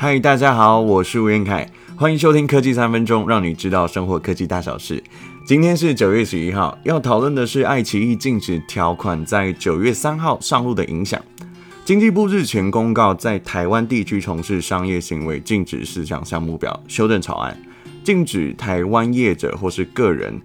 嗨，Hi, 大家好，我是吳晏愷，歡迎收聽科技三分鐘，讓你知道生活科技大小事。今天是九月十一號，要討論的是愛奇藝禁止條款在九月三號上路的影響。經濟部日前公告，在台灣地區從事商業行為禁止事項項目表修正草案，禁止台灣業者或是個人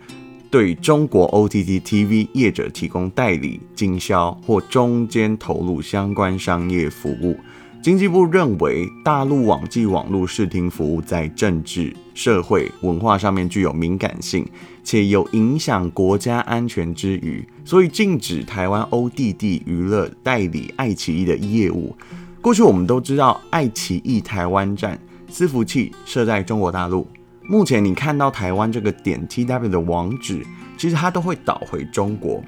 對中國 OTT TV 業者提供代理、經銷或中間投入相關商業服務。經濟部認為，大陸網際網路視聽服務在政治、社會、文化上面具有敏感性，且有影響國家安全之虞，所以禁止台灣 ODD 娛樂代理愛奇藝的業務。過去我們都知道，愛奇藝台灣站伺服器設在中國大陸，目前你看到台灣這個點 TW 的網址，其實它都會導回中國。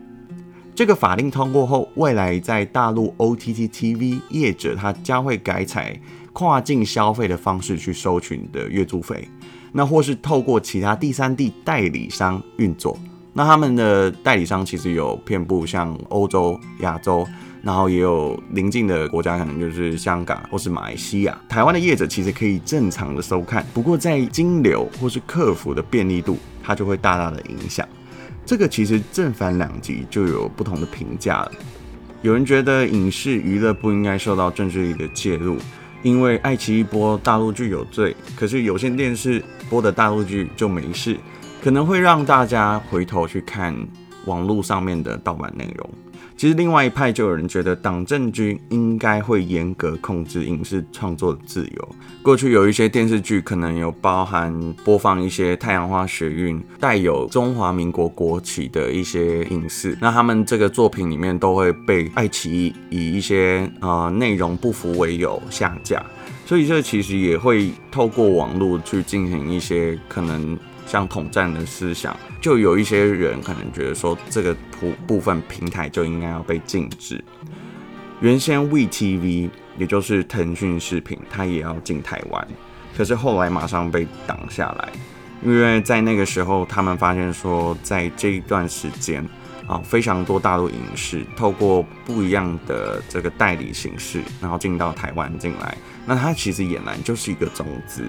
這個法令通過後，未來在大陸 OTT TV 業者，他將會改採跨境消費的方式去收取你的月租費，那或是透過其他第三地代理商運作。那他們的代理商其實有遍布像歐洲、亞洲，然後也有鄰近的國家，可能就是香港或是馬來西亞。台灣的業者其實可以正常的收看，不過在金流或是客服的便利度，它就會大大的影響。這個其實正反兩極就有不同的評價了。有人覺得影視娛樂不應該受到政治力的介入，因為愛奇藝播大陸劇有罪，可是有線電視播的大陸劇就沒事，可能會讓大家回頭去看網絡上面的盜版內容。其實，另外一派就有人覺得，黨政軍應該會嚴格控制影視創作的自由。過去有一些電視劇，可能有包含播放一些《太陽花學運》帶有中華民國國旗的一些影視，那他們這個作品裡面都會被愛奇藝以一些呃內容不符為由下架。所以，這其實也會透過網絡去進行一些可能。像統戰的思想，就有一些人可能覺得說，這個部分平台就應該要被禁止。原先 WeTV，也就是騰訊視頻，它也要進台灣，可是後來馬上被擋下來，因為在那個時候，他們發現說，在這一段時間啊，非常多大陸影視透過不一樣的這個代理形式，然後進到台灣進來，那它其實儼然就是一個種子。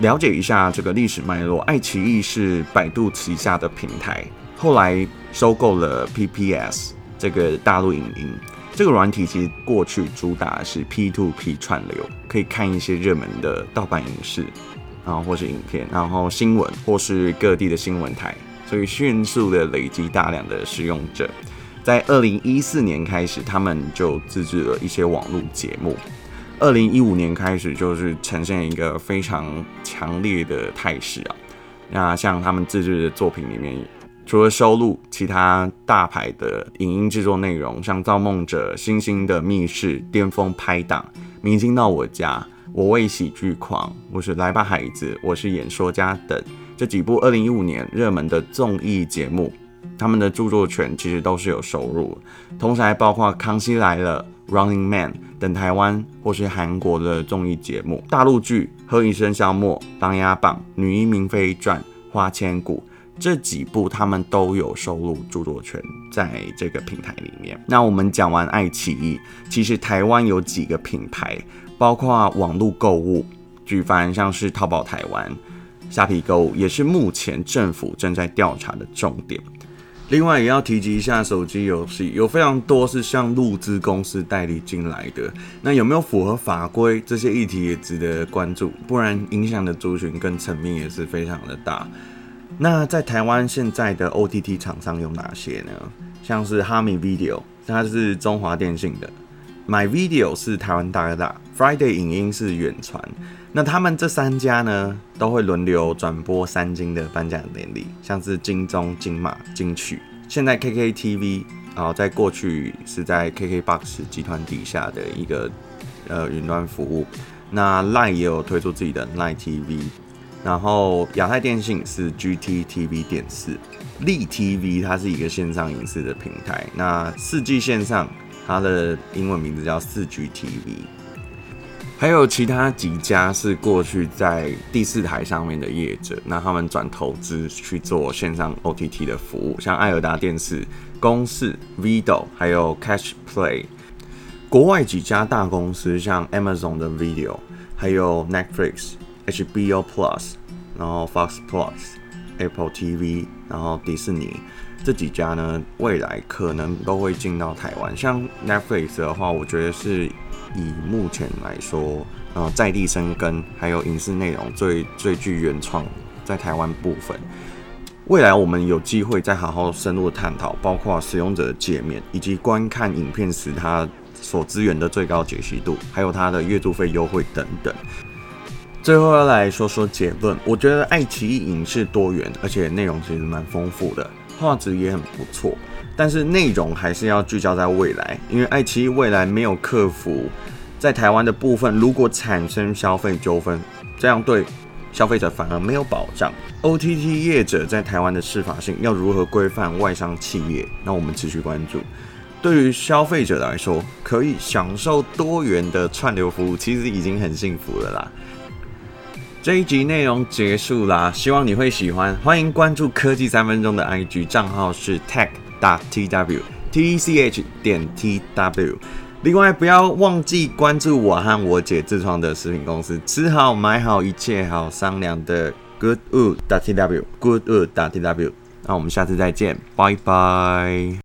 了解一下這個歷史脈絡，愛奇藝是百度旗下的平台，後來收購了 PPS 這個大陸影音這個軟體。其實過去主打的是 P2P 串流，可以看一些熱門的盜版影視，然後或是影片，然後新聞或是各地的新聞台，所以迅速的累積大量的使用者。在二零一四年開始，他們就自制了一些網絡節目。二零一五年開始，就是呈現一個非常強烈的態勢啊。那像他們自制的作品裡面，除了收錄其他大牌的影音製作內容，像《造夢者》、《星星的密室》、《巔峰拍檔》、《明星到我家》、《我為喜劇狂》，我是來吧，孩子，我是演說家等這幾部二零一五年熱門的綜藝節目，他們的著作權其實都是有收入的。同時還包括《康熙來了》。Running Man 等臺灣或是韓國的綜藝節目，大陸劇《何以笙簫默》《琅琊榜》《女醫明妃傳》《花千骨》這幾部，他們都有收錄著作權在這個平台裡面。那我們講完愛奇藝，其實臺灣有幾個品牌，包括網絡購物，舉凡像是淘寶臺灣、蝦皮購物，也是目前政府正在調查的重點。另外也要提及一下手機遊戲，有非常多是向陸資公司代理進來的，那有沒有符合法規？這些議題也值得關注，不然影響的族群跟層面也是非常的大。那在台灣現在的 OTT 廠商有哪些呢？像是 Hami Video，它是中華電信的；MyVideo 是台灣大哥大；Friday 影音是遠傳。那他們這三家呢，都會輪流轉播三金的頒獎典禮，像是金鐘、金馬、金曲。現在 KKTV 啊、哦，在過去是在 KKBOX 集團底下的一個呃、雲端服務。那 LINE 也有推出自己的 LINE TV，然後亞太電信是 GT TV 電視。LiTV 它是一個線上影視的平台。那四 G 線上它的英文名字叫四 G TV。還有其他幾家是過去在第四台上面的業者，那他們轉投資去做線上 OTT 的服務，像愛爾達電視、公視 Vido 還有 CatchPlay。國外幾家大公司，像 Amazon 的 Video，還有 Netflix、HBO Plus，然後 Fox Plus、Apple TV，然後迪士尼，這幾家呢，未來可能都會進到台灣。像 Netflix 的話，我覺得是。以目前來說，呃，在地生根，還有影視內容最最具原創，在台灣部分，未來我們有機會再好好深入探討，包括使用者的界面，以及觀看影片時它所支援的最高解析度，還有它的月租費優惠等等。最後要來說說結論，我覺得愛奇藝影視多元，而且內容其實蠻豐富的，畫質也很不錯。但是內容還是要聚焦在未來，因為愛奇藝未來沒有客服，在台灣的部分，如果產生消費糾紛，這樣對消費者反而沒有保障。OTT 業者在台灣的適法性要如何規範外商企業？那我們持續關注。對於消費者來說，可以享受多元的串流服務，其實已經很幸福了啦。這一集內容結束啦，希望你會喜歡。歡迎關注科技三分鐘的 IG 賬號是 Tech Tw, t w tech 點 tw，另外不要忘記關注我和我姐自創的食品公司，吃好買好一切好商糧的 Goodwu t w，Goodwu t w，那我們下次再見，拜拜。